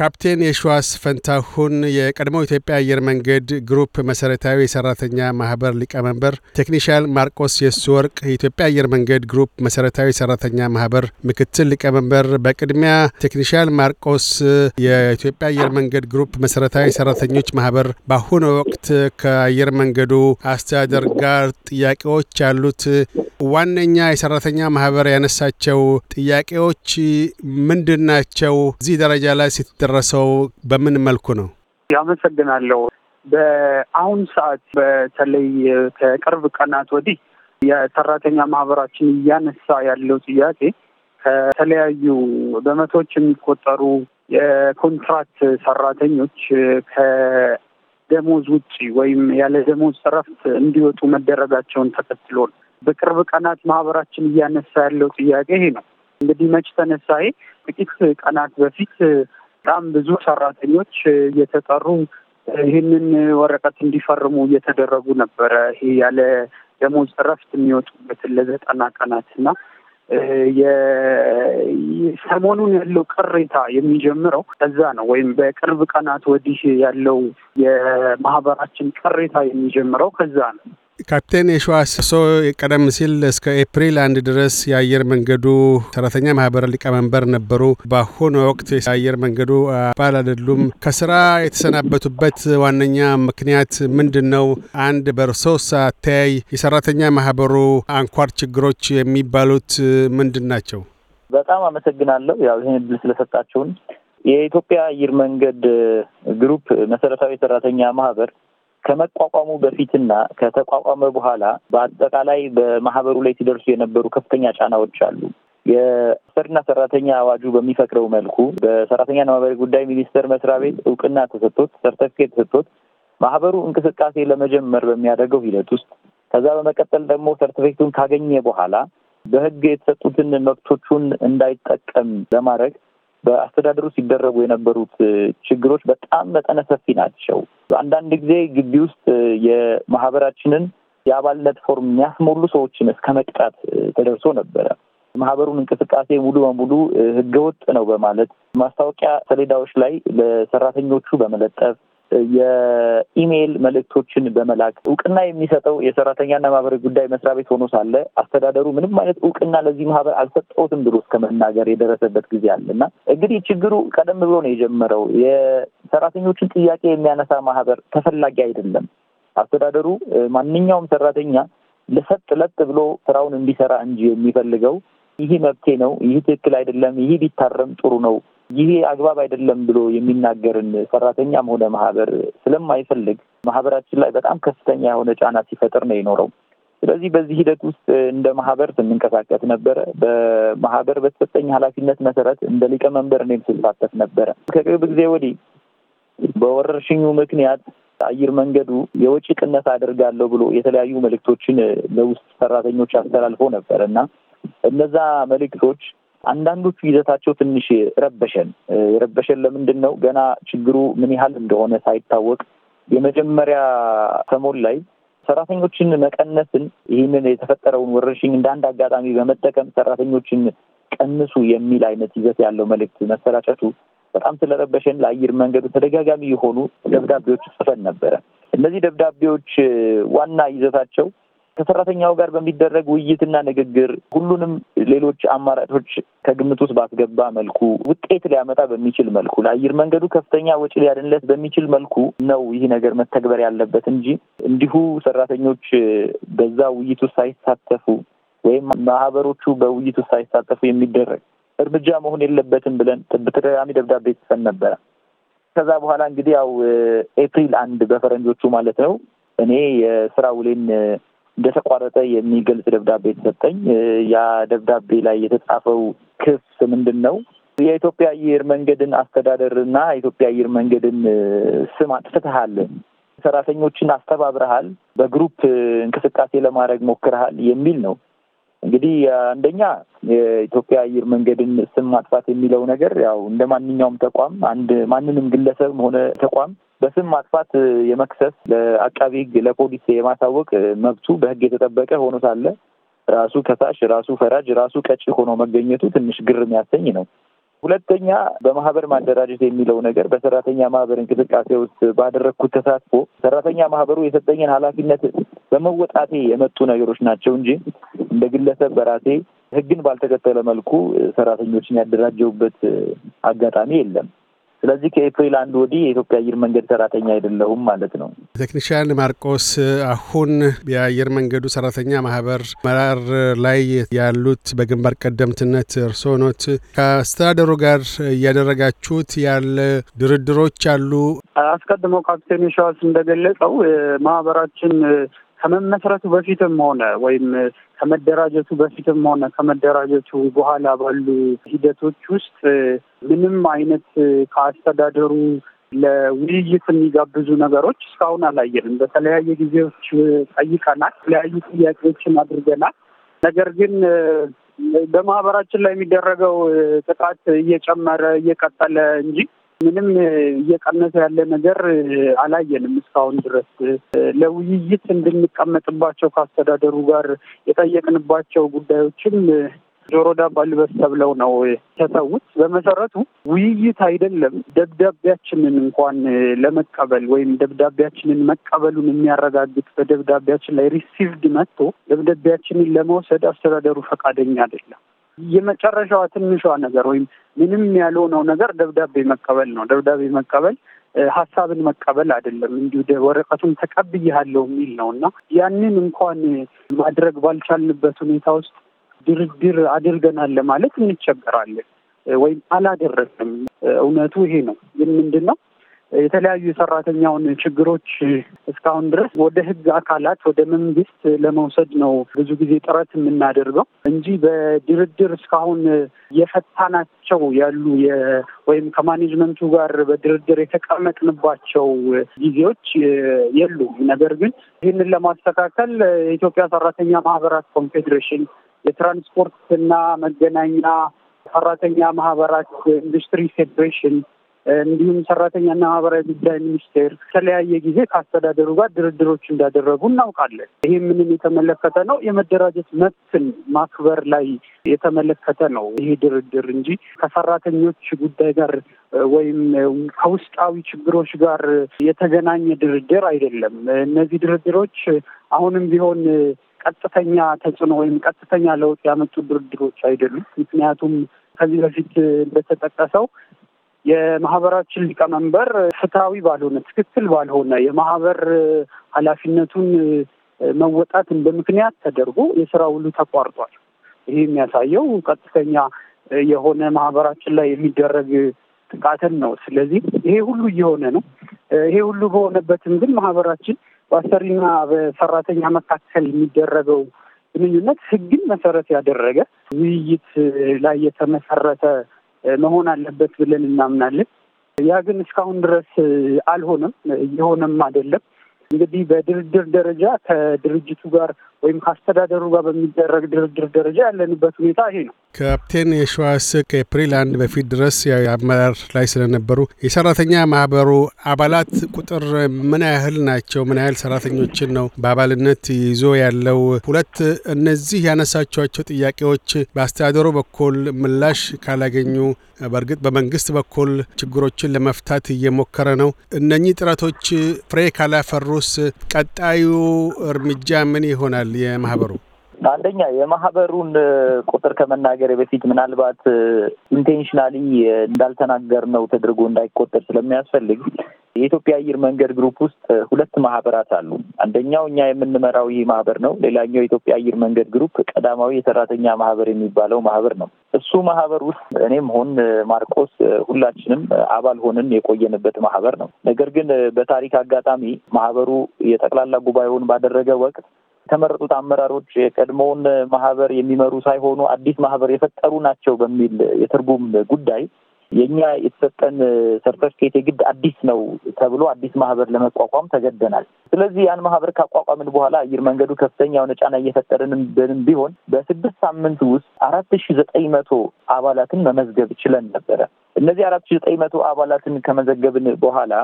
ካፕቴን የሸዋስ ፈንታሁን የቀድሞው ኢትዮጵያ አየር መንገድ ግሩፕ መሰረታዊ የሰራተኛ ማህበር ሊቀመንበር፣ ቴክኒሻል ማርቆስ የሱ ወርቅ የኢትዮጵያ አየር መንገድ ግሩፕ መሰረታዊ ሰራተኛ ማህበር ምክትል ሊቀመንበር። በቅድሚያ ቴክኒሻል ማርቆስ፣ የኢትዮጵያ አየር መንገድ ግሩፕ መሰረታዊ ሰራተኞች ማህበር በአሁኑ ወቅት ከአየር መንገዱ አስተዳደር ጋር ጥያቄዎች ያሉት ዋነኛ የሰራተኛ ማህበር ያነሳቸው ጥያቄዎች ምንድን ናቸው? እዚህ ደረጃ ላይ ሲደረሰው በምን መልኩ ነው? ያመሰግናለሁ። በአሁን ሰዓት በተለይ ከቅርብ ቀናት ወዲህ የሰራተኛ ማህበራችን እያነሳ ያለው ጥያቄ ከተለያዩ በመቶዎች የሚቆጠሩ የኮንትራክት ሰራተኞች ከደሞዝ ውጪ ወይም ያለ ደሞዝ እረፍት እንዲወጡ መደረጋቸውን ተከትሎ ነው። በቅርብ ቀናት ማህበራችን እያነሳ ያለው ጥያቄ ይሄ ነው። እንግዲህ መች ተነሳዬ ጥቂት ቀናት በፊት በጣም ብዙ ሰራተኞች እየተጠሩ ይህንን ወረቀት እንዲፈርሙ እየተደረጉ ነበረ። ይሄ ያለ ደሞዝ እረፍት የሚወጡበትን ለዘጠና ቀናት እና ሰሞኑን ያለው ቅሬታ የሚጀምረው ከዛ ነው። ወይም በቅርብ ቀናት ወዲህ ያለው የማህበራችን ቅሬታ የሚጀምረው ከዛ ነው። ካፕቴን የሸዋ ሶ ቀደም ሲል እስከ ኤፕሪል አንድ ድረስ የአየር መንገዱ ሰራተኛ ማህበር ሊቀመንበር ነበሩ። በአሁኑ ወቅት የአየር መንገዱ አባል አይደሉም። ከስራ የተሰናበቱበት ዋነኛ ምክንያት ምንድን ነው? አንድ በርሶስ አተያይ የሰራተኛ ማህበሩ አንኳር ችግሮች የሚባሉት ምንድን ናቸው? በጣም አመሰግናለሁ። ያው ይህን እድል ስለሰጣችሁን። የኢትዮጵያ አየር መንገድ ግሩፕ መሰረታዊ ሰራተኛ ማህበር ከመቋቋሙ በፊትና ከተቋቋመ በኋላ በአጠቃላይ በማህበሩ ላይ ሲደርሱ የነበሩ ከፍተኛ ጫናዎች አሉ። የአሰሪና ሰራተኛ አዋጁ በሚፈቅደው መልኩ በሰራተኛና ማህበራዊ ጉዳይ ሚኒስቴር መስሪያ ቤት እውቅና ተሰጥቶት ሰርተፊኬት ተሰጥቶት ማህበሩ እንቅስቃሴ ለመጀመር በሚያደርገው ሂደት ውስጥ ከዛ በመቀጠል ደግሞ ሰርቲፊኬቱን ካገኘ በኋላ በህግ የተሰጡትን መብቶቹን እንዳይጠቀም ለማድረግ በአስተዳደሩ ሲደረጉ የነበሩት ችግሮች በጣም መጠነ ሰፊ ናቸው። አንዳንድ ጊዜ ግቢ ውስጥ የማህበራችንን የአባልነት ፎርም የሚያስሞሉ ሰዎችን እስከ መቅጣት ተደርሶ ነበረ። ማህበሩን እንቅስቃሴ ሙሉ በሙሉ ህገወጥ ነው በማለት ማስታወቂያ ሰሌዳዎች ላይ ለሰራተኞቹ በመለጠፍ የኢሜይል መልእክቶችን በመላክ እውቅና የሚሰጠው የሰራተኛና ማህበራዊ ጉዳይ መስሪያ ቤት ሆኖ ሳለ አስተዳደሩ ምንም አይነት እውቅና ለዚህ ማህበር አልሰጠውትም ብሎ እስከ መናገር የደረሰበት ጊዜ አለ እና እንግዲህ ችግሩ ቀደም ብሎ ነው የጀመረው። የሰራተኞችን ጥያቄ የሚያነሳ ማህበር ተፈላጊ አይደለም። አስተዳደሩ ማንኛውም ሰራተኛ ለሰጥ ለጥ ብሎ ስራውን እንዲሰራ እንጂ የሚፈልገው ይህ መብቴ ነው፣ ይህ ትክክል አይደለም፣ ይህ ቢታረም ጥሩ ነው ይሄ አግባብ አይደለም ብሎ የሚናገርን ሰራተኛም ሆነ ማህበር ስለማይፈልግ ማህበራችን ላይ በጣም ከፍተኛ የሆነ ጫና ሲፈጥር ነው የኖረው። ስለዚህ በዚህ ሂደት ውስጥ እንደ ማህበር ስንንቀሳቀስ ነበረ። በማህበር በተሰጠኝ ኃላፊነት መሰረት እንደ ሊቀመንበር እኔም ስንሳተፍ ነበረ። ከቅርብ ጊዜ ወዲህ በወረርሽኙ ምክንያት አየር መንገዱ የወጪ ቅነት አድርጋለሁ ብሎ የተለያዩ መልእክቶችን ለውስጥ ሰራተኞች አስተላልፎ ነበር እና እነዛ መልእክቶች አንዳንዶቹ ይዘታቸው ትንሽ ረበሸን ረበሸን ለምንድን ነው ገና ችግሩ ምን ያህል እንደሆነ ሳይታወቅ የመጀመሪያ ሰሞን ላይ ሰራተኞችን መቀነስን ይህንን የተፈጠረውን ወረርሽኝ እንደ አንድ አጋጣሚ በመጠቀም ሰራተኞችን ቀንሱ የሚል አይነት ይዘት ያለው መልእክት መሰራጨቱ በጣም ስለረበሸን ለአየር መንገዱ ተደጋጋሚ የሆኑ ደብዳቤዎች ጽፈን ነበረ። እነዚህ ደብዳቤዎች ዋና ይዘታቸው ከሰራተኛው ጋር በሚደረግ ውይይትና ንግግር ሁሉንም ሌሎች አማራጮች ከግምት ውስጥ ባስገባ መልኩ ውጤት ሊያመጣ በሚችል መልኩ ለአየር መንገዱ ከፍተኛ ወጪ ሊያድንለት በሚችል መልኩ ነው ይህ ነገር መተግበር ያለበት እንጂ እንዲሁ ሰራተኞች በዛ ውይይቱ ሳይሳተፉ ወይም ማህበሮቹ በውይይቱ ሳይሳተፉ የሚደረግ እርምጃ መሆን የለበትም ብለን በተደጋሚ ደብዳቤ ጽፈን ነበረ። ከዛ በኋላ እንግዲህ ያው ኤፕሪል አንድ በፈረንጆቹ ማለት ነው እኔ የስራ ውሌን እንደተቋረጠ የሚገልጽ ደብዳቤ የተሰጠኝ። ያ ደብዳቤ ላይ የተጻፈው ክስ ምንድን ነው? የኢትዮጵያ አየር መንገድን አስተዳደርና የኢትዮጵያ አየር መንገድን ስም አጥፍተሃል፣ ሰራተኞችን አስተባብረሃል፣ በግሩፕ እንቅስቃሴ ለማድረግ ሞክረሃል የሚል ነው። እንግዲህ አንደኛ የኢትዮጵያ አየር መንገድን ስም ማጥፋት የሚለው ነገር ያው እንደ ማንኛውም ተቋም አንድ ማንንም ግለሰብም ሆነ ተቋም በስም ማጥፋት የመክሰስ ለአቃቢ ሕግ ለፖሊስ የማሳወቅ መብቱ በሕግ የተጠበቀ ሆኖ ሳለ ራሱ ከሳሽ ራሱ ፈራጅ ራሱ ቀጪ ሆኖ መገኘቱ ትንሽ ግር የሚያሰኝ ነው። ሁለተኛ በማህበር ማደራጀት የሚለው ነገር በሰራተኛ ማህበር እንቅስቃሴ ውስጥ ባደረግኩት ተሳትፎ ሰራተኛ ማህበሩ የሰጠኝን ኃላፊነት በመወጣቴ የመጡ ነገሮች ናቸው እንጂ እንደ ግለሰብ በራሴ ሕግን ባልተከተለ መልኩ ሰራተኞችን ያደራጀውበት አጋጣሚ የለም። ስለዚህ ከኤፕሪል አንድ ወዲህ የኢትዮጵያ አየር መንገድ ሰራተኛ አይደለሁም ማለት ነው። ቴክኒሽያን ማርቆስ፣ አሁን የአየር መንገዱ ሰራተኛ ማህበር መራር ላይ ያሉት በግንባር ቀደምትነት እርስዎ ኖት። ከአስተዳደሩ ጋር እያደረጋችሁት ያለ ድርድሮች አሉ? አስቀድሞ ካፕቴን ሸዋስ እንደገለጸው ማህበራችን ከመመስረቱ በፊትም ሆነ ወይም ከመደራጀቱ በፊትም ሆነ ከመደራጀቱ በኋላ ባሉ ሂደቶች ውስጥ ምንም አይነት ከአስተዳደሩ ለውይይት የሚጋብዙ ነገሮች እስካሁን አላየንም። በተለያየ ጊዜዎች ጠይቀናል፣ የተለያዩ ጥያቄዎችን አድርገናል። ነገር ግን በማህበራችን ላይ የሚደረገው ጥቃት እየጨመረ እየቀጠለ እንጂ ምንም እየቀነሰ ያለ ነገር አላየንም እስካሁን ድረስ። ለውይይት እንድንቀመጥባቸው ከአስተዳደሩ ጋር የጠየቅንባቸው ጉዳዮችም ጆሮ ዳባ ልበስ ተብለው ነው ተሰውት። በመሰረቱ ውይይት አይደለም። ደብዳቤያችንን እንኳን ለመቀበል ወይም ደብዳቤያችንን መቀበሉን የሚያረጋግጥ በደብዳቤያችን ላይ ሪሲቭድ መጥቶ ደብዳቤያችንን ለመውሰድ አስተዳደሩ ፈቃደኛ አይደለም። የመጨረሻዋ ትንሿ ነገር ወይም ምንም ያልሆነው ነገር ደብዳቤ መቀበል ነው። ደብዳቤ መቀበል ሀሳብን መቀበል አይደለም፣ እንዲሁ ወረቀቱን ተቀብያለሁ የሚል ነው እና ያንን እንኳን ማድረግ ባልቻልንበት ሁኔታ ውስጥ ድርድር አድርገናል ለማለት እንቸገራለን፣ ወይም አላደረግንም። እውነቱ ይሄ ነው። ግን ምንድን ነው የተለያዩ የሰራተኛውን ችግሮች እስካሁን ድረስ ወደ ህግ አካላት ወደ መንግስት ለመውሰድ ነው ብዙ ጊዜ ጥረት የምናደርገው እንጂ በድርድር እስካሁን የፈታናቸው ያሉ ወይም ከማኔጅመንቱ ጋር በድርድር የተቀመጥንባቸው ጊዜዎች የሉም። ነገር ግን ይህንን ለማስተካከል የኢትዮጵያ ሰራተኛ ማህበራት ኮንፌዴሬሽን፣ የትራንስፖርት እና መገናኛ ሰራተኛ ማህበራት ኢንዱስትሪ ፌዴሬሽን እንዲሁም ሰራተኛና ማህበራዊ ጉዳይ ሚኒስቴር የተለያየ ጊዜ ከአስተዳደሩ ጋር ድርድሮች እንዳደረጉ እናውቃለን። ይህ ምንም የተመለከተ ነው፣ የመደራጀት መብትን ማክበር ላይ የተመለከተ ነው ይሄ ድርድር እንጂ ከሰራተኞች ጉዳይ ጋር ወይም ከውስጣዊ ችግሮች ጋር የተገናኘ ድርድር አይደለም። እነዚህ ድርድሮች አሁንም ቢሆን ቀጥተኛ ተጽዕኖ ወይም ቀጥተኛ ለውጥ ያመጡ ድርድሮች አይደሉም። ምክንያቱም ከዚህ በፊት እንደተጠቀሰው የማህበራችን ሊቀመንበር ፍትሐዊ ባልሆነ ትክክል ባልሆነ የማህበር ኃላፊነቱን መወጣት እንደ ምክንያት ተደርጎ የስራ ሁሉ ተቋርጧል። ይህ የሚያሳየው ቀጥተኛ የሆነ ማህበራችን ላይ የሚደረግ ጥቃትን ነው። ስለዚህ ይሄ ሁሉ እየሆነ ነው። ይሄ ሁሉ በሆነበትም ግን ማህበራችን በአሰሪና በሰራተኛ መካከል የሚደረገው ግንኙነት ህግን መሰረት ያደረገ ውይይት ላይ የተመሰረተ መሆን አለበት ብለን እናምናለን። ያ ግን እስካሁን ድረስ አልሆነም፣ እየሆነም አይደለም። እንግዲህ በድርድር ደረጃ ከድርጅቱ ጋር ወይም ከአስተዳደሩ ጋር በሚደረግ ድርድር ደረጃ ያለንበት ሁኔታ ይሄ ነው። ካፕቴን የሸዋስ ከኤፕሪል አንድ በፊት ድረስ አመራር ላይ ስለነበሩ የሰራተኛ ማህበሩ አባላት ቁጥር ምን ያህል ናቸው? ምን ያህል ሰራተኞችን ነው በአባልነት ይዞ ያለው? ሁለት እነዚህ ያነሳቸዋቸው ጥያቄዎች በአስተዳደሩ በኩል ምላሽ ካላገኙ በእርግጥ በመንግስት በኩል ችግሮችን ለመፍታት እየሞከረ ነው። እነኚህ ጥረቶች ፍሬ ካላፈሩስ ቀጣዩ እርምጃ ምን ይሆናል? ይላል የማህበሩ? አንደኛ የማህበሩን ቁጥር ከመናገር በፊት ምናልባት ኢንቴንሽናሊ እንዳልተናገር ነው ተደርጎ እንዳይቆጠር ስለሚያስፈልግ የኢትዮጵያ አየር መንገድ ግሩፕ ውስጥ ሁለት ማህበራት አሉ። አንደኛው እኛ የምንመራው ይህ ማህበር ነው። ሌላኛው የኢትዮጵያ አየር መንገድ ግሩፕ ቀዳማዊ የሰራተኛ ማህበር የሚባለው ማህበር ነው። እሱ ማህበር ውስጥ እኔም ሆን ማርቆስ ሁላችንም አባል ሆንን የቆየንበት ማህበር ነው። ነገር ግን በታሪክ አጋጣሚ ማህበሩ የጠቅላላ ጉባኤውን ባደረገ ወቅት የተመረጡት አመራሮች የቀድሞውን ማህበር የሚመሩ ሳይሆኑ አዲስ ማህበር የፈጠሩ ናቸው በሚል የትርጉም ጉዳይ የእኛ የተሰጠን ሰርተፍኬት የግድ አዲስ ነው ተብሎ አዲስ ማህበር ለመቋቋም ተገደናል። ስለዚህ ያን ማህበር ካቋቋምን በኋላ አየር መንገዱ ከፍተኛ የሆነ ጫና እየፈጠረንም ብንም ቢሆን በስድስት ሳምንት ውስጥ አራት ሺ ዘጠኝ መቶ አባላትን መመዝገብ ችለን ነበረ። እነዚህ አራት ሺ ዘጠኝ መቶ አባላትን ከመዘገብን በኋላ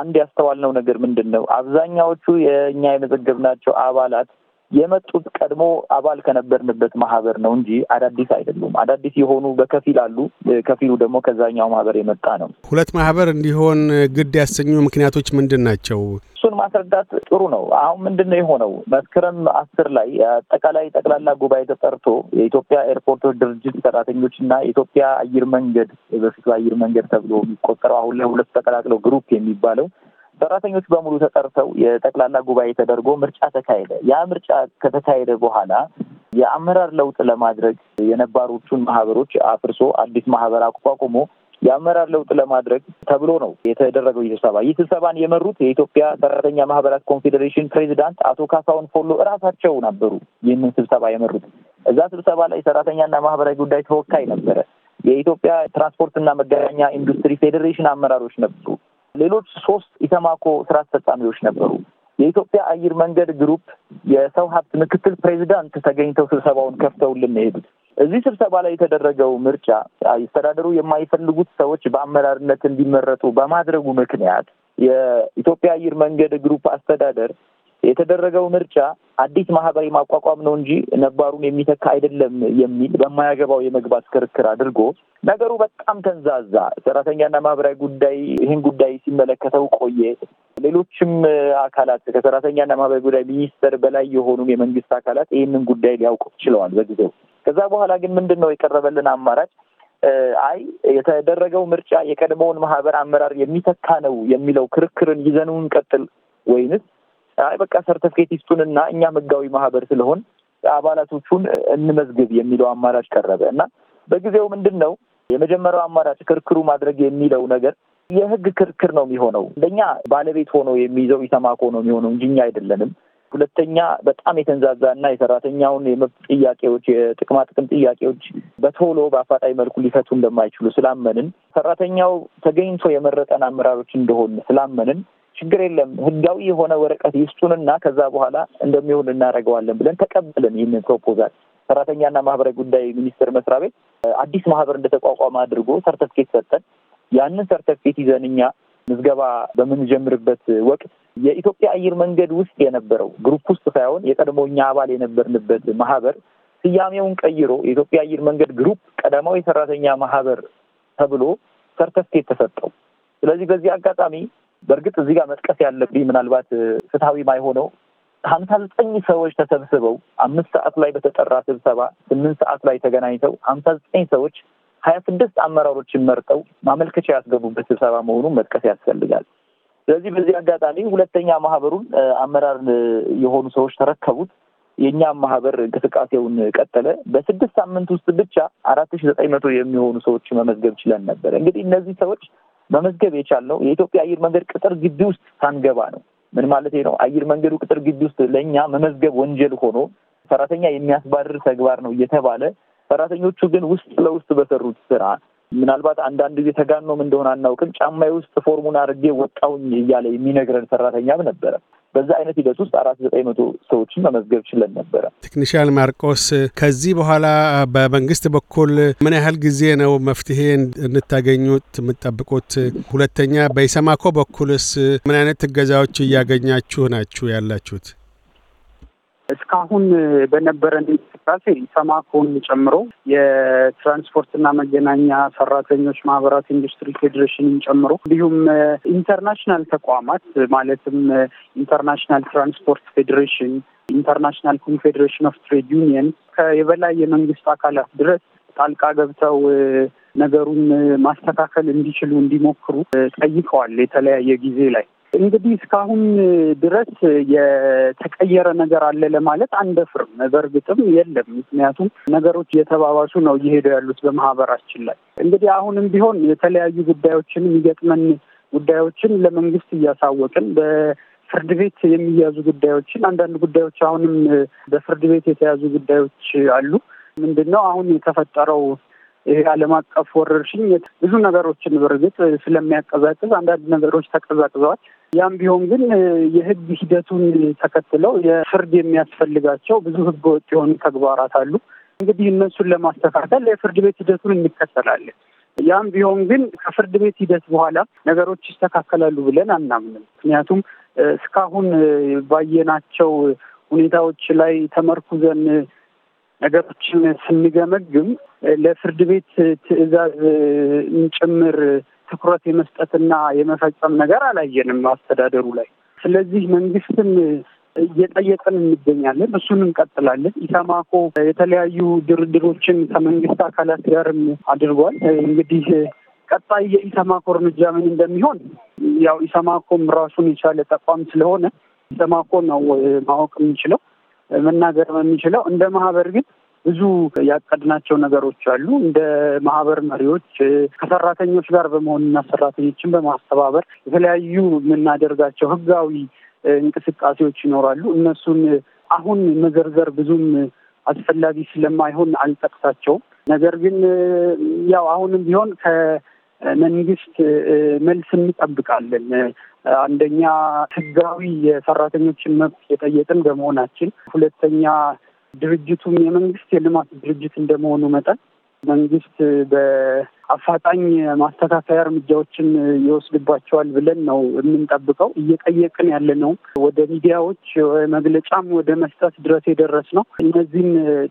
አንድ ያስተዋልነው ነገር ምንድን ነው? አብዛኛዎቹ የእኛ የመዘገብናቸው አባላት የመጡት ቀድሞ አባል ከነበርንበት ማህበር ነው እንጂ አዳዲስ አይደሉም። አዳዲስ የሆኑ በከፊል አሉ፣ ከፊሉ ደግሞ ከዛኛው ማህበር የመጣ ነው። ሁለት ማህበር እንዲሆን ግድ ያሰኙ ምክንያቶች ምንድን ናቸው? እሱን ማስረዳት ጥሩ ነው። አሁን ምንድን ነው የሆነው? መስከረም አስር ላይ አጠቃላይ ጠቅላላ ጉባኤ ተጠርቶ የኢትዮጵያ ኤርፖርቶች ድርጅት ሰራተኞች እና የኢትዮጵያ አየር መንገድ በፊቱ አየር መንገድ ተብሎ የሚቆጠረው አሁን ላይ ሁለት ተቀላቅለው ግሩፕ የሚባለው ሰራተኞች በሙሉ ተጠርተው የጠቅላላ ጉባኤ ተደርጎ ምርጫ ተካሄደ። ያ ምርጫ ከተካሄደ በኋላ የአመራር ለውጥ ለማድረግ የነባሮቹን ማህበሮች አፍርሶ አዲስ ማህበር አቋቁሞ የአመራር ለውጥ ለማድረግ ተብሎ ነው የተደረገው ይህ ስብሰባ። ይህ ስብሰባን የመሩት የኢትዮጵያ ሰራተኛ ማህበራት ኮንፌዴሬሽን ፕሬዚዳንት አቶ ካሳሁን ፎሎ እራሳቸው ነበሩ። ይህንን ስብሰባ የመሩት እዛ ስብሰባ ላይ ሰራተኛና ማህበራዊ ጉዳይ ተወካይ ነበረ። የኢትዮጵያ ትራንስፖርትና መገናኛ ኢንዱስትሪ ፌዴሬሽን አመራሮች ነበሩ። ሌሎች ሶስት ኢተማኮ ስራ አስፈጻሚዎች ነበሩ። የኢትዮጵያ አየር መንገድ ግሩፕ የሰው ሀብት ምክትል ፕሬዚዳንት ተገኝተው ስብሰባውን ከፍተውልን ነው የሄዱት። እዚህ ስብሰባ ላይ የተደረገው ምርጫ አስተዳደሩ የማይፈልጉት ሰዎች በአመራርነት እንዲመረጡ በማድረጉ ምክንያት የኢትዮጵያ አየር መንገድ ግሩፕ አስተዳደር የተደረገው ምርጫ አዲስ ማህበር የማቋቋም ነው እንጂ ነባሩን የሚተካ አይደለም የሚል በማያገባው የመግባት ክርክር አድርጎ ነገሩ በጣም ተንዛዛ። ሰራተኛና ማህበራዊ ጉዳይ ይህን ጉዳይ ሲመለከተው ቆየ። ሌሎችም አካላት ከሰራተኛና ማህበራዊ ጉዳይ ሚኒስቴር በላይ የሆኑም የመንግስት አካላት ይህንን ጉዳይ ሊያውቁ ችለዋል በጊዜው። ከዛ በኋላ ግን ምንድን ነው የቀረበልን አማራጭ? አይ የተደረገው ምርጫ የቀድሞውን ማህበር አመራር የሚተካ ነው የሚለው ክርክርን ይዘኑን ቀጥል ወይንስ አይ በቃ ሰርተፍኬት ይስጡንና እኛ ህጋዊ ማህበር ስለሆን አባላቶቹን እንመዝግብ የሚለው አማራጭ ቀረበ እና በጊዜው ምንድን ነው የመጀመሪያው አማራጭ ክርክሩ ማድረግ የሚለው ነገር የህግ ክርክር ነው የሚሆነው። እንደኛ ባለቤት ሆኖ የሚይዘው ኢሰማኮ ነው የሚሆነው እንጂ እኛ አይደለንም። ሁለተኛ በጣም የተንዛዛ እና የሰራተኛውን የመብት ጥያቄዎች፣ የጥቅማ ጥቅም ጥያቄዎች በቶሎ በአፋጣኝ መልኩ ሊፈቱ እንደማይችሉ ስላመንን፣ ሰራተኛው ተገኝቶ የመረጠን አመራሮች እንደሆን ስላመንን ችግር የለም ህጋዊ የሆነ ወረቀት ይስጡንና ከዛ በኋላ እንደሚሆን እናደርገዋለን ብለን ተቀበልን ይህንን ፕሮፖዛል። ሰራተኛና ማህበራዊ ጉዳይ ሚኒስቴር መስሪያ ቤት አዲስ ማህበር እንደተቋቋመ አድርጎ ሰርተፍኬት ሰጠን። ያንን ሰርተፍኬት ይዘን እኛ ምዝገባ በምንጀምርበት ወቅት የኢትዮጵያ አየር መንገድ ውስጥ የነበረው ግሩፕ ውስጥ ሳይሆን የቀድሞ እኛ አባል የነበርንበት ማህበር ስያሜውን ቀይሮ የኢትዮጵያ አየር መንገድ ግሩፕ ቀዳማዊ ሰራተኛ ማህበር ተብሎ ሰርተፍኬት ተሰጠው። ስለዚህ በዚህ አጋጣሚ በእርግጥ እዚህ ጋር መጥቀስ ያለብኝ ምናልባት ፍትሐዊ ማይሆነው ሀምሳ ዘጠኝ ሰዎች ተሰብስበው አምስት ሰዓት ላይ በተጠራ ስብሰባ ስምንት ሰዓት ላይ ተገናኝተው ሀምሳ ዘጠኝ ሰዎች ሀያ ስድስት አመራሮችን መርጠው ማመልከቻ ያስገቡበት ስብሰባ መሆኑን መጥቀስ ያስፈልጋል። ስለዚህ በዚህ አጋጣሚ ሁለተኛ ማህበሩን አመራር የሆኑ ሰዎች ተረከቡት። የእኛም ማህበር እንቅስቃሴውን ቀጠለ። በስድስት ሳምንት ውስጥ ብቻ አራት ሺ ዘጠኝ መቶ የሚሆኑ ሰዎች መመዝገብ ችለን ነበር። እንግዲህ እነዚህ ሰዎች መመዝገብ የቻልነው የኢትዮጵያ አየር መንገድ ቅጥር ግቢ ውስጥ ሳንገባ ነው። ምን ማለት ነው? አየር መንገዱ ቅጥር ግቢ ውስጥ ለእኛ መመዝገብ ወንጀል ሆኖ ሰራተኛ የሚያስባርር ተግባር ነው እየተባለ ሰራተኞቹ ግን ውስጥ ለውስጥ በሰሩት ስራ ምናልባት አንዳንድ ጊዜ ተጋኖም እንደሆነ አናውቅም። ጫማዬ ውስጥ ፎርሙን አድርጌ ወጣሁኝ እያለ የሚነግረን ሰራተኛም ነበረ። በዛ አይነት ሂደት ውስጥ አራት ዘጠኝ መቶ ሰዎችን መመዝገብ ችለን ነበረ። ቴክኒሽያን ማርቆስ፣ ከዚህ በኋላ በመንግስት በኩል ምን ያህል ጊዜ ነው መፍትሄ እንታገኙት የምትጠብቁት? ሁለተኛ በኢሰማኮ በኩልስ ምን አይነት እገዛዎች እያገኛችሁ ናችሁ ያላችሁት? እስካሁን በነበረን እንቅስቃሴ ሰማኮን ጨምሮ የትራንስፖርትና መገናኛ ሰራተኞች ማህበራት ኢንዱስትሪ ፌዴሬሽንን ጨምሮ እንዲሁም ኢንተርናሽናል ተቋማት ማለትም ኢንተርናሽናል ትራንስፖርት ፌዴሬሽን፣ ኢንተርናሽናል ኮንፌዴሬሽን ኦፍ ትሬድ ዩኒየን ከየበላይ የመንግስት አካላት ድረስ ጣልቃ ገብተው ነገሩን ማስተካከል እንዲችሉ እንዲሞክሩ ጠይቀዋል የተለያየ ጊዜ ላይ እንግዲህ እስካሁን ድረስ የተቀየረ ነገር አለ ለማለት አንደፍርም። በእርግጥም የለም። ምክንያቱም ነገሮች እየተባባሱ ነው እየሄዱ ያሉት በማህበራችን ላይ። እንግዲህ አሁንም ቢሆን የተለያዩ ጉዳዮችን የሚገጥመን ጉዳዮችን ለመንግስት እያሳወቅን በፍርድ ቤት የሚያዙ ጉዳዮችን አንዳንድ ጉዳዮች አሁንም በፍርድ ቤት የተያዙ ጉዳዮች አሉ። ምንድን ነው አሁን የተፈጠረው ይሄ ዓለም አቀፍ ወረርሽኝ ብዙ ነገሮችን በእርግጥ ስለሚያቀዛቅዝ አንዳንድ ነገሮች ተቀዛቅዘዋል። ያም ቢሆን ግን የህግ ሂደቱን ተከትለው የፍርድ የሚያስፈልጋቸው ብዙ ወጥ የሆኑ ተግባራት አሉ። እንግዲህ እነሱን ለማስተካከል የፍርድ ቤት ሂደቱን እንከተላለን። ያም ቢሆን ግን ከፍርድ ቤት ሂደት በኋላ ነገሮች ይስተካከላሉ ብለን አናምንም። ምክንያቱም እስካሁን ባየናቸው ሁኔታዎች ላይ ተመርኩዘን ነገሮችን ስንገመግም ለፍርድ ቤት ትዕዛዝ ጭምር ትኩረት የመስጠትና የመፈጸም ነገር አላየንም አስተዳደሩ ላይ። ስለዚህ መንግስትን እየጠየቀን እንገኛለን። እሱን እንቀጥላለን። ኢሰማኮ የተለያዩ ድርድሮችን ከመንግስት አካላት ጋርም አድርጓል። እንግዲህ ቀጣይ የኢሰማኮ እርምጃ ምን እንደሚሆን ያው ኢሰማኮም ራሱን የቻለ ተቋም ስለሆነ ኢሰማኮ ነው ማወቅ የምንችለው መናገር የምንችለው እንደ ማህበር ግን ብዙ ያቀድናቸው ነገሮች አሉ። እንደ ማህበር መሪዎች ከሰራተኞች ጋር በመሆንና ሰራተኞችን በማስተባበር የተለያዩ የምናደርጋቸው ህጋዊ እንቅስቃሴዎች ይኖራሉ። እነሱን አሁን መዘርዘር ብዙም አስፈላጊ ስለማይሆን አልጠቅሳቸውም። ነገር ግን ያው አሁንም ቢሆን ከመንግስት መልስ እንጠብቃለን። አንደኛ ህጋዊ የሰራተኞችን መብት የጠየቅን በመሆናችን፣ ሁለተኛ ድርጅቱም የመንግስት የልማት ድርጅት እንደመሆኑ መጠን መንግስት በአፋጣኝ ማስተካከያ እርምጃዎችን ይወስድባቸዋል ብለን ነው የምንጠብቀው። እየጠየቅን ያለ ነው። ወደ ሚዲያዎች መግለጫም ወደ መስጠት ድረስ የደረስ ነው። እነዚህን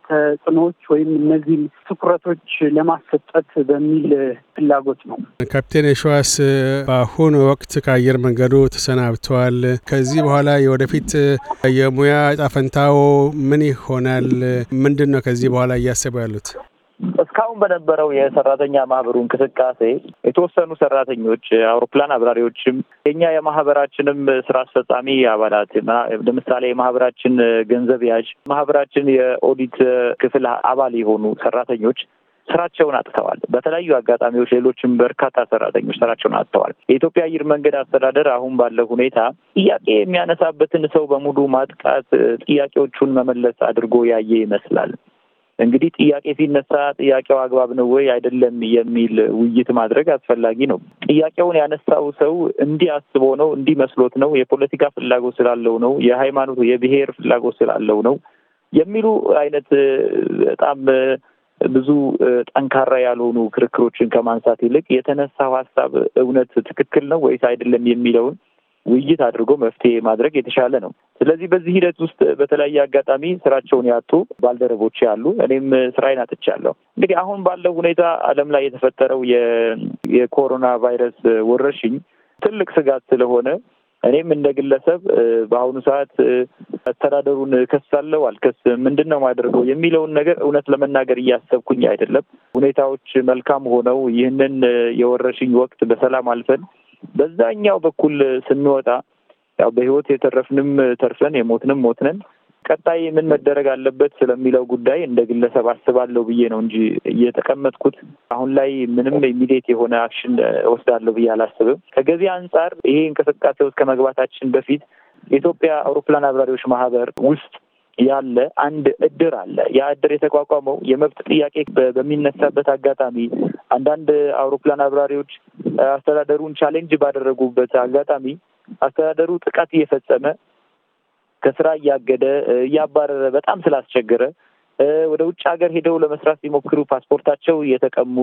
ተጽዕኖዎች ወይም እነዚህን ትኩረቶች ለማሰጠት በሚል ፍላጎት ነው። ካፕቴን የሸዋስ በአሁኑ ወቅት ከአየር መንገዱ ተሰናብተዋል። ከዚህ በኋላ የወደፊት የሙያ እጣ ፈንታዎ ምን ይሆናል? ምንድን ነው ከዚህ በኋላ እያሰቡ ያሉት? እስካሁን በነበረው የሰራተኛ ማህበሩ እንቅስቃሴ የተወሰኑ ሰራተኞች፣ አውሮፕላን አብራሪዎችም የኛ የማህበራችንም ስራ አስፈጻሚ አባላት ለምሳሌ የማህበራችን ገንዘብ ያዥ፣ ማህበራችን የኦዲት ክፍል አባል የሆኑ ሰራተኞች ስራቸውን አጥተዋል። በተለያዩ አጋጣሚዎች ሌሎችም በርካታ ሰራተኞች ስራቸውን አጥተዋል። የኢትዮጵያ አየር መንገድ አስተዳደር አሁን ባለው ሁኔታ ጥያቄ የሚያነሳበትን ሰው በሙሉ ማጥቃት፣ ጥያቄዎቹን መመለስ አድርጎ ያየ ይመስላል። እንግዲህ ጥያቄ ሲነሳ ጥያቄው አግባብ ነው ወይ አይደለም የሚል ውይይት ማድረግ አስፈላጊ ነው። ጥያቄውን ያነሳው ሰው እንዲህ አስቦ ነው፣ እንዲህ መስሎት ነው፣ የፖለቲካ ፍላጎት ስላለው ነው፣ የሃይማኖት የብሔር ፍላጎት ስላለው ነው የሚሉ አይነት በጣም ብዙ ጠንካራ ያልሆኑ ክርክሮችን ከማንሳት ይልቅ የተነሳው ሀሳብ እውነት ትክክል ነው ወይስ አይደለም የሚለውን ውይይት አድርጎ መፍትሄ ማድረግ የተሻለ ነው። ስለዚህ በዚህ ሂደት ውስጥ በተለያየ አጋጣሚ ስራቸውን ያጡ ባልደረቦች ያሉ እኔም ስራዬን አጥቻለሁ። እንግዲህ አሁን ባለው ሁኔታ ዓለም ላይ የተፈጠረው የኮሮና ቫይረስ ወረርሽኝ ትልቅ ስጋት ስለሆነ እኔም እንደ ግለሰብ በአሁኑ ሰዓት አስተዳደሩን እከሳለሁ አልከስም፣ ምንድን ነው ማደርገው የሚለውን ነገር እውነት ለመናገር እያሰብኩኝ አይደለም። ሁኔታዎች መልካም ሆነው ይህንን የወረርሽኝ ወቅት በሰላም አልፈን በዛኛው በኩል ስንወጣ ያው በህይወት የተረፍንም ተርፈን የሞትንም ሞትነን ቀጣይ ምን መደረግ አለበት ስለሚለው ጉዳይ እንደ ግለሰብ አስባለሁ ብዬ ነው እንጂ እየተቀመጥኩት አሁን ላይ ምንም ኢሚዲየት የሆነ አክሽን ወስዳለሁ ብዬ አላስብም። ከገቢ አንጻር ይሄ እንቅስቃሴ ውስጥ ከመግባታችን በፊት የኢትዮጵያ አውሮፕላን አብራሪዎች ማህበር ውስጥ ያለ አንድ እድር አለ። ያ እድር የተቋቋመው የመብት ጥያቄ በሚነሳበት አጋጣሚ አንዳንድ አውሮፕላን አብራሪዎች አስተዳደሩን ቻሌንጅ ባደረጉበት አጋጣሚ አስተዳደሩ ጥቃት እየፈጸመ ከስራ እያገደ እያባረረ በጣም ስላስቸገረ ወደ ውጭ ሀገር ሄደው ለመስራት ሲሞክሩ ፓስፖርታቸው እየተቀሙ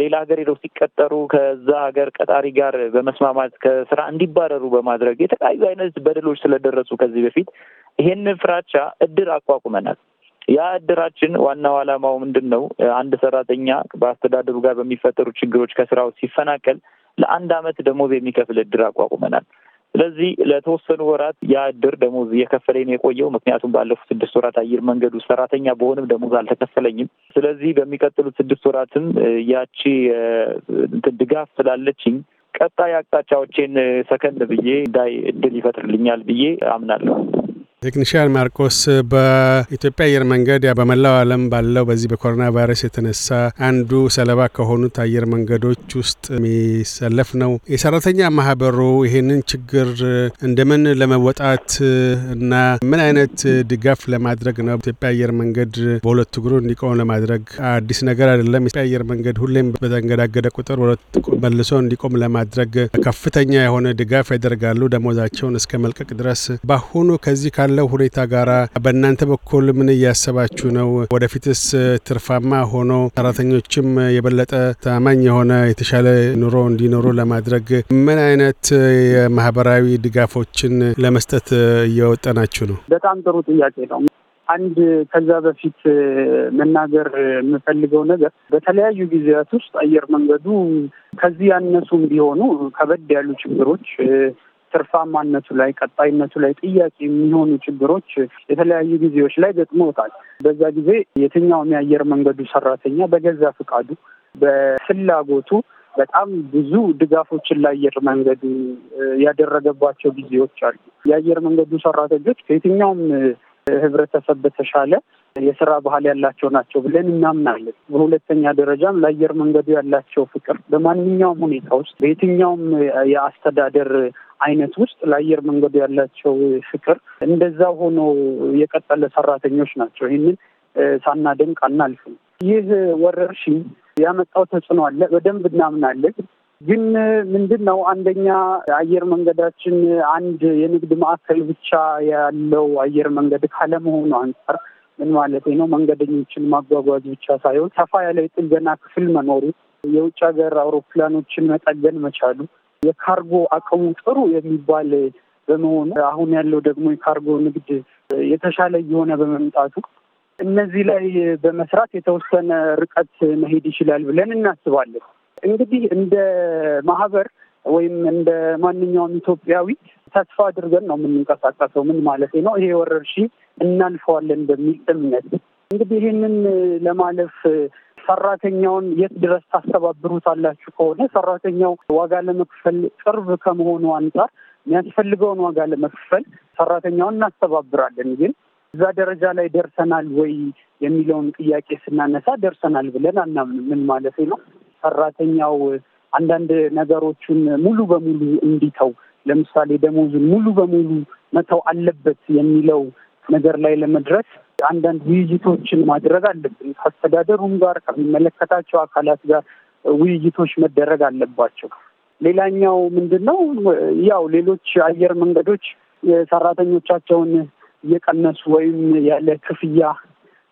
ሌላ ሀገር ሄደው ሲቀጠሩ ከዛ ሀገር ቀጣሪ ጋር በመስማማት ከስራ እንዲባረሩ በማድረግ የተለያዩ አይነት በደሎች ስለደረሱ ከዚህ በፊት ይሄንን ፍራቻ እድር አቋቁመናል። ያ እድራችን ዋናው ዓላማው ምንድን ነው? አንድ ሰራተኛ በአስተዳደሩ ጋር በሚፈጠሩ ችግሮች ከስራው ሲፈናቀል ለአንድ አመት ደሞዝ የሚከፍል እድር አቋቁመናል። ስለዚህ ለተወሰኑ ወራት ያ እድር ደሞዝ እየከፈለኝ ነው የቆየው። ምክንያቱም ባለፉት ስድስት ወራት አየር መንገዱ ሰራተኛ በሆንም ደሞዝ አልተከፈለኝም። ስለዚህ በሚቀጥሉት ስድስት ወራትም ያቺ ድጋፍ ስላለችኝ ቀጣይ አቅጣጫዎቼን ሰከን ብዬ እንዳይ እድል ይፈጥርልኛል ብዬ አምናለሁ። ቴክኒሽያን ማርቆስ በኢትዮጵያ አየር መንገድ በመላው ዓለም ባለው በዚህ በኮሮና ቫይረስ የተነሳ አንዱ ሰለባ ከሆኑት አየር መንገዶች ውስጥ የሚሰለፍ ነው። የሰራተኛ ማህበሩ ይህንን ችግር እንደምን ለመወጣት እና ምን አይነት ድጋፍ ለማድረግ ነው? ኢትዮጵያ አየር መንገድ በሁለት እግሩ እንዲቆም ለማድረግ አዲስ ነገር አይደለም። ኢትዮጵያ አየር መንገድ ሁሌም በተንገዳገደ ቁጥር ሁለት መልሶ እንዲቆም ለማድረግ ከፍተኛ የሆነ ድጋፍ ያደርጋሉ፣ ደሞዛቸውን እስከ መልቀቅ ድረስ። በአሁኑ ከዚህ ካለው ሁኔታ ጋራ በእናንተ በኩል ምን እያሰባችሁ ነው? ወደፊትስ ትርፋማ ሆኖ ሰራተኞችም የበለጠ ታማኝ የሆነ የተሻለ ኑሮ እንዲኖሩ ለማድረግ ምን አይነት የማህበራዊ ድጋፎችን ለመስጠት እየወጠናችሁ ነው? በጣም ጥሩ ጥያቄ ነው። አንድ ከዛ በፊት መናገር የምፈልገው ነገር በተለያዩ ጊዜያት ውስጥ አየር መንገዱ ከዚህ ያነሱም ቢሆኑ ከበድ ያሉ ችግሮች ትርፋማነቱ ላይ ቀጣይነቱ ላይ ጥያቄ የሚሆኑ ችግሮች የተለያዩ ጊዜዎች ላይ ገጥመውታል። በዛ ጊዜ የትኛውም የአየር መንገዱ ሰራተኛ በገዛ ፍቃዱ በፍላጎቱ በጣም ብዙ ድጋፎችን ለአየር መንገዱ ያደረገባቸው ጊዜዎች አሉ። የአየር መንገዱ ሰራተኞች ከየትኛውም ህብረተሰብ በተሻለ የስራ ባህል ያላቸው ናቸው ብለን እናምናለን። በሁለተኛ ደረጃም ለአየር መንገዱ ያላቸው ፍቅር በማንኛውም ሁኔታ ውስጥ በየትኛውም የአስተዳደር አይነት ውስጥ ለአየር መንገዱ ያላቸው ፍቅር እንደዛ ሆኖ የቀጠለ ሰራተኞች ናቸው። ይህንን ሳናደንቅ አናልፍም። ይህ ወረርሽኝ ያመጣው ተጽዕኖ አለ፣ በደንብ እናምናለን። ግን ምንድን ነው አንደኛ አየር መንገዳችን አንድ የንግድ ማዕከል ብቻ ያለው አየር መንገድ ካለመሆኑ አንጻር ምን ማለት ነው? መንገደኞችን ማጓጓዝ ብቻ ሳይሆን ሰፋ ያለ የጥገና ክፍል መኖሩ፣ የውጭ ሀገር አውሮፕላኖችን መጠገን መቻሉ፣ የካርጎ አቅሙ ጥሩ የሚባል በመሆኑ አሁን ያለው ደግሞ የካርጎ ንግድ የተሻለ እየሆነ በመምጣቱ እነዚህ ላይ በመስራት የተወሰነ ርቀት መሄድ ይችላል ብለን እናስባለን። እንግዲህ እንደ ማህበር ወይም እንደ ማንኛውም ኢትዮጵያዊ ተስፋ አድርገን ነው የምንንቀሳቀሰው። ምን ማለት ነው? ይሄ ወረርሽኝ እናልፈዋለን በሚል እምነት እንግዲህ ይህንን ለማለፍ ሰራተኛውን የት ድረስ ታስተባብሩታላችሁ ከሆነ ሰራተኛው ዋጋ ለመክፈል ቅርብ ከመሆኑ አንጻር የሚያስፈልገውን ዋጋ ለመክፈል ሰራተኛውን እናስተባብራለን። ግን እዛ ደረጃ ላይ ደርሰናል ወይ የሚለውን ጥያቄ ስናነሳ ደርሰናል ብለን አናምንም። ምን ማለት ነው? ሰራተኛው አንዳንድ ነገሮችን ሙሉ በሙሉ እንዲተው ለምሳሌ ደሞዙን ሙሉ በሙሉ መተው አለበት የሚለው ነገር ላይ ለመድረስ አንዳንድ ውይይቶችን ማድረግ አለብን። ከአስተዳደሩም ጋር ከሚመለከታቸው አካላት ጋር ውይይቶች መደረግ አለባቸው። ሌላኛው ምንድን ነው ያው ሌሎች አየር መንገዶች ሰራተኞቻቸውን እየቀነሱ ወይም ያለ ክፍያ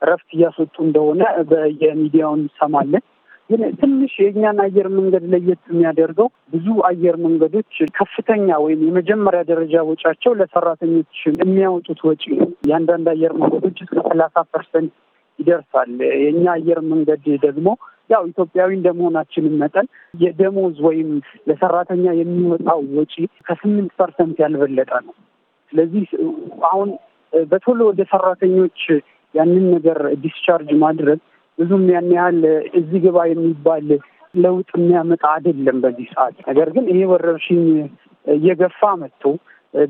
እረፍት እያስወጡ እንደሆነ በየሚዲያውን እንሰማለን። ግን ትንሽ የእኛን አየር መንገድ ለየት የሚያደርገው ብዙ አየር መንገዶች ከፍተኛ ወይም የመጀመሪያ ደረጃ ወጫቸው ለሰራተኞች የሚያወጡት ወጪ የአንዳንድ አየር መንገዶች እስከ ሰላሳ ፐርሰንት ይደርሳል። የእኛ አየር መንገድ ደግሞ ያው ኢትዮጵያዊ እንደመሆናችንም መጠን የደሞዝ ወይም ለሰራተኛ የሚወጣው ወጪ ከስምንት ፐርሰንት ያልበለጠ ነው። ስለዚህ አሁን በቶሎ ወደ ሰራተኞች ያንን ነገር ዲስቻርጅ ማድረግ ብዙም ያን ያህል እዚህ ግባ የሚባል ለውጥ የሚያመጣ አይደለም በዚህ ሰዓት። ነገር ግን ይሄ ወረርሽኝ እየገፋ መጥቶ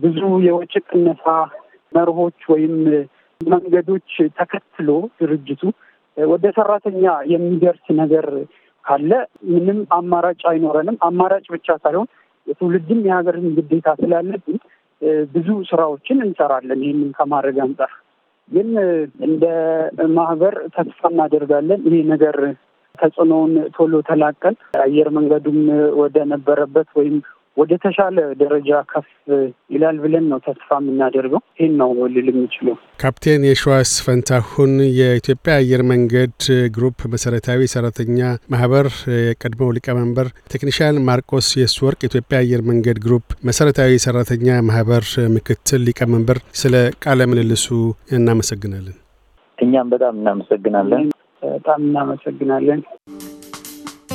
ብዙ የወጪ ቅነሳ መርሆች ወይም መንገዶች ተከትሎ ድርጅቱ ወደ ሰራተኛ የሚደርስ ነገር ካለ ምንም አማራጭ አይኖረንም። አማራጭ ብቻ ሳይሆን የትውልድም የሀገርን ግዴታ ስላለብን ብዙ ስራዎችን እንሰራለን። ይህንን ከማድረግ አንጻር ግን እንደ ማህበር ተስፋ እናደርጋለን ይህ ነገር ተጽዕኖውን ቶሎ ተላቀል አየር መንገዱም ወደ ነበረበት ወይም ወደ ተሻለ ደረጃ ከፍ ይላል ብለን ነው ተስፋ የምናደርገው። ይህን ነው ልል የምችለው። ካፕቴን የሸዋስ ፈንታሁን የኢትዮጵያ አየር መንገድ ግሩፕ መሰረታዊ ሰራተኛ ማህበር የቀድሞው ሊቀመንበር፣ ቴክኒሽያን ማርቆስ ወርቅ ኢትዮጵያ አየር መንገድ ግሩፕ መሰረታዊ ሰራተኛ ማህበር ምክትል ሊቀመንበር፣ ስለ ቃለ ምልልሱ እናመሰግናለን። እኛም በጣም እናመሰግናለን። በጣም እናመሰግናለን።